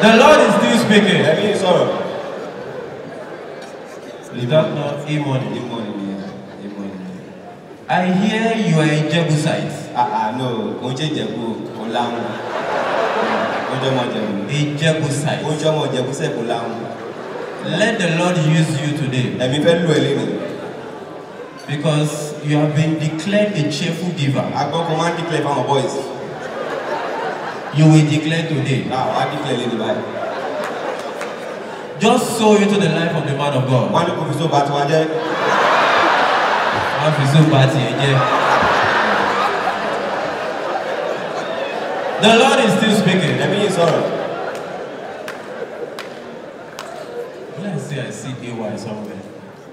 The Lord is still speaking. I mean, Without no ìmọ̀ ni. Ìmọ̀ ni ìmọ̀ I hear you are a Jebusite. Ah ah no, mo Jebu, Olam. Jẹ̀bú Ọláhùn. Mo jẹ́ ọmọ Jẹ̀bú. A Jebusite. Mo jẹ́ Olam. Let the Lord use you today. Ẹ̀mí tell you a little. Because you have been declared a cheerful giver. Agbọ́kọ̀ máa ń declare fáwọn boys. You will declare today. Now, I declare lady by. Just sow into the life of the man of God. Why do kò fi so bàtí wọn jẹ́. Wọ́n so bàtí ẹ The Lord is still speaking. Ẹ̀mí yìí sọ̀rọ̀. Let's see. I see AY somewhere.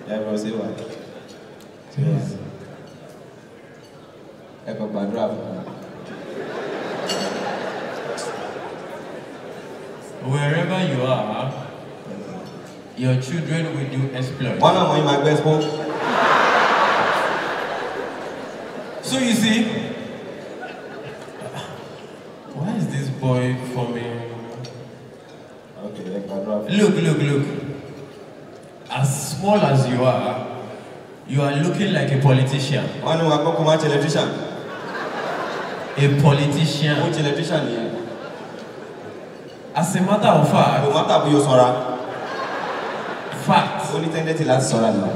Yeah, bro, say what? Yes. Ẹ kò gbàdúrà wherever you are, your children will do exploits. One of my best book. So you see, why is this boy forming? Okay, look, look, look. As small as you are, you are looking like a politician. One of my politician. A politician. Which politician? Yeah as a matter of fact. kò matter bóyá o sanra. fact. ó ní tẹ́ndẹ́tì láti sanra lọ.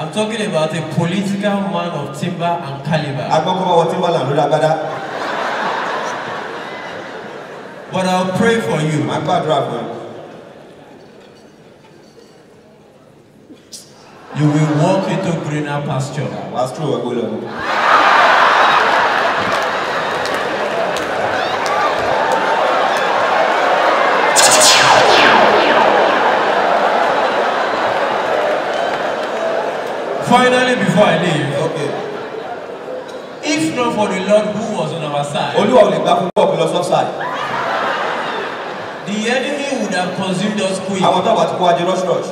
I'm talking about a political man of timber and caliber. Agbọ́kọ́bá wọ Timberland lórí agbádá. But I'll pray for you. Màá gbàdúrà fún ẹ. You will walk into greener pasture. Wàá sùn òwe gbólóhùn. Finally, before I leave. Okay. If not for the Lord who was on our side. Olúwa ò lè gbà fún bọ́ọ̀lù lọ́sọ̀ side. The enemy would have consumed us quick. Àwọn tó wà ti kó ajé rush rush.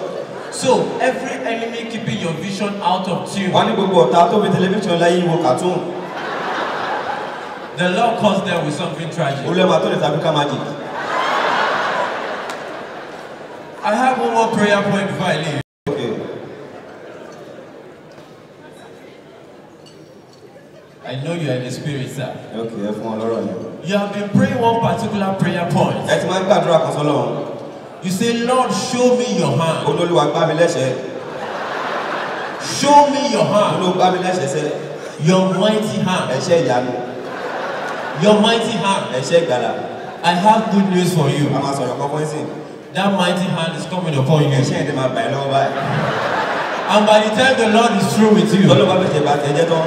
So every enemy keeping your vision out of tune. Wọ́n ní gbogbo ọ̀tá tó fi tẹlifíṣàn láyé ìwò cartoon. The Lord caused them with something tragic. Olúwa tó lè tàbí ká magic. I have one more prayer point before I leave. I know you are in the spirit, sir. Okay, ẹ fún ọlọ́rọ̀ yẹn. You have been praying one particular prayer point. Ẹ ti máa ń gbàdúrà kan sọ́lọ́run. You say, Lord, show me your hand. Olólùwà gbá mi lẹ́sẹ̀. Show me your hand. Olú gbá mi lẹ́sẹ̀ sẹ́. Your mighty hand. Ẹ̀ṣẹ̀ ìyanu. Your mighty hand. Ẹ̀ṣẹ̀ ìgbàlà. I have good news for you. A máa sọ̀rọ̀ kan fún That mighty hand is coming upon you. Ẹ̀ṣẹ̀ ìdè máa bàyẹ̀ lọ́wọ́ báyìí. And by the time the Lord is through with you. Lọ́lọ́ bẹ̀ṣẹ̀ bá jẹ́ tán.